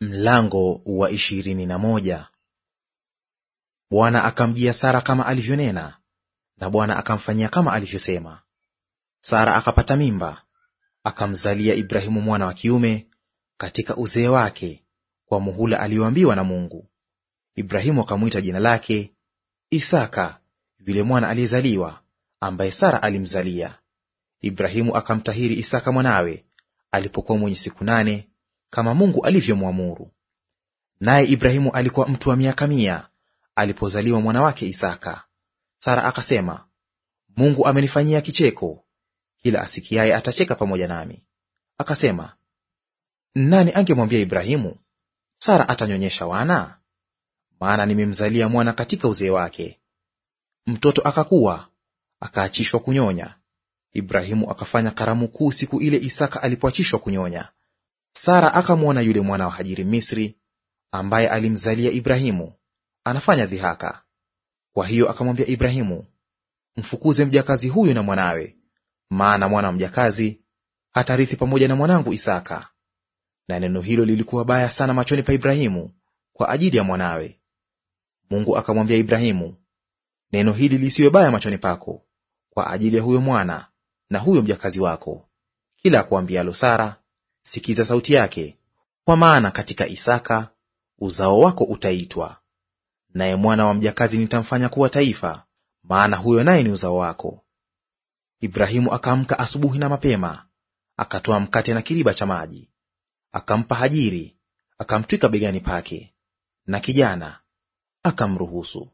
Mlango wa ishirini na moja. Bwana akamjia Sara kama alivyonena, na Bwana akamfanyia kama alivyosema. Sara akapata mimba, akamzalia Ibrahimu mwana wa kiume katika uzee wake, kwa muhula aliyoambiwa na Mungu. Ibrahimu akamwita jina lake Isaka, yule mwana aliyezaliwa ambaye Sara alimzalia. Ibrahimu akamtahiri Isaka mwanawe alipokuwa mwenye siku nane kama Mungu alivyomwamuru. Naye Ibrahimu alikuwa mtu wa miaka mia alipozaliwa mwana wake Isaka. Sara akasema, Mungu amenifanyia kicheko, kila asikiaye atacheka pamoja nami. Akasema, nani angemwambia Ibrahimu, Sara atanyonyesha wana? Maana nimemzalia mwana katika uzee wake. Mtoto akakuwa akaachishwa kunyonya. Ibrahimu akafanya karamu kuu siku ile Isaka alipoachishwa kunyonya. Sara akamwona yule mwana wa Hajiri Misri ambaye alimzalia Ibrahimu anafanya dhihaka. Kwa hiyo akamwambia Ibrahimu, mfukuze mjakazi huyu na mwanawe, maana mwana wa mjakazi hatarithi pamoja na mwanangu Isaka. Na neno hilo lilikuwa baya sana machoni pa Ibrahimu kwa ajili ya mwanawe. Mungu akamwambia Ibrahimu, neno hili lisiwe baya machoni pako kwa ajili ya huyo mwana na huyo mjakazi wako; kila akuambialo Sara sikiza sauti yake, kwa maana katika Isaka uzao wako utaitwa. Naye mwana wa mjakazi nitamfanya kuwa taifa, maana huyo naye ni uzao wako. Ibrahimu akaamka asubuhi na mapema, akatoa mkate na kiriba cha maji, akampa Hajiri, akamtwika begani pake, na kijana akamruhusu.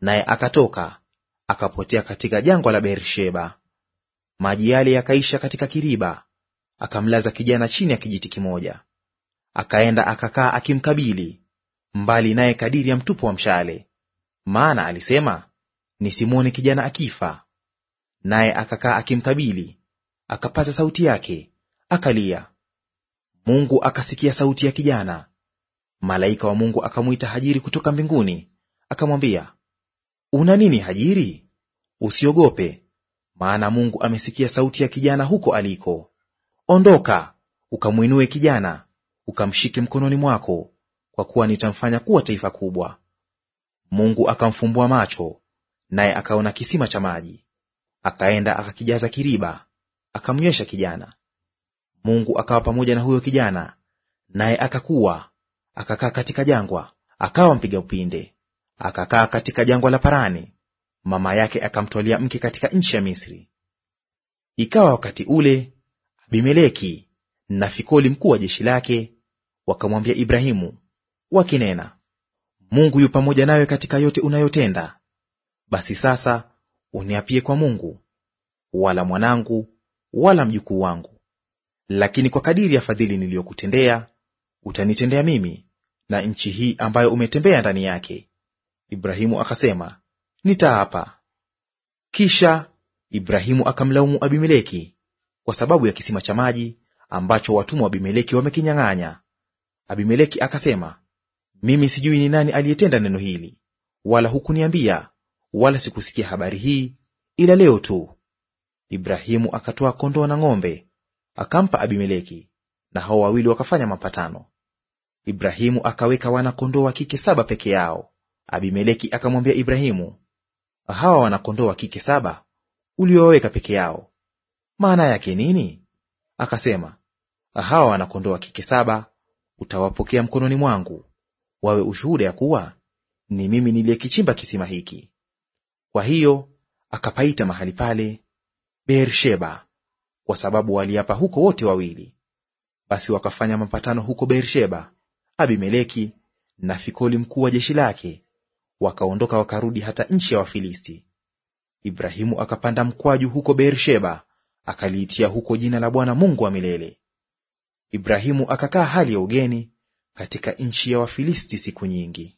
Naye akatoka akapotea katika jangwa la Beersheba. Maji yale yakaisha katika kiriba, akamlaza kijana chini ya kijiti kimoja. Akaenda akakaa akimkabili mbali naye kadiri ya mtupo wa mshale, maana alisema, nisimwone kijana akifa. Naye akakaa akimkabili, akapaza sauti yake, akalia. Mungu akasikia sauti ya kijana. Malaika wa Mungu akamwita Hajiri kutoka mbinguni, akamwambia, una nini Hajiri? Usiogope, maana Mungu amesikia sauti ya kijana huko aliko. Ondoka, ukamwinue kijana, ukamshike mkononi mwako, kwa kuwa nitamfanya kuwa taifa kubwa. Mungu akamfumbua macho, naye akaona kisima cha maji, akaenda akakijaza kiriba, akamnywesha kijana. Mungu akawa pamoja na huyo kijana, naye akakuwa, akakaa katika jangwa, akawa mpiga upinde. Akakaa katika jangwa la Parani, mama yake akamtwalia mke katika nchi ya Misri. Ikawa wakati ule Abimeleki na Fikoli mkuu wa jeshi lake wakamwambia Ibrahimu wakinena, Mungu yu pamoja nawe katika yote unayotenda. Basi sasa uniapie kwa Mungu, wala mwanangu wala mjukuu wangu, lakini kwa kadiri ya fadhili niliyokutendea utanitendea mimi na nchi hii ambayo umetembea ndani yake. Ibrahimu akasema, nitaapa. Kisha Ibrahimu akamlaumu Abimeleki kwa sababu ya kisima cha maji ambacho watumwa wa Abimeleki wamekinyang'anya. Abimeleki akasema, mimi sijui ni nani aliyetenda neno hili, wala hukuniambia, wala sikusikia habari hii ila leo tu. Ibrahimu akatoa kondoo na ng'ombe akampa Abimeleki, na hao wawili wakafanya mapatano. Ibrahimu akaweka wana kondoo wa kike saba peke yao. Abimeleki akamwambia Ibrahimu, hawa wana kondoo wa kike saba uliowaweka peke yao maana yake nini? Akasema, hawa wanakondoa kike saba utawapokea mkononi mwangu, wawe ushuhuda ya kuwa ni mimi niliyekichimba kisima hiki. Kwa hiyo akapaita mahali pale Beersheba, kwa sababu waliapa huko wote wawili. Basi wakafanya mapatano huko Beersheba, Abimeleki na Fikoli mkuu wa jeshi lake wakaondoka wakarudi hata nchi ya Wafilisti. Ibrahimu akapanda mkwaju huko Beersheba akaliitia huko jina la Bwana Mungu wa milele. Ibrahimu akakaa hali ya ugeni katika nchi ya Wafilisti siku nyingi.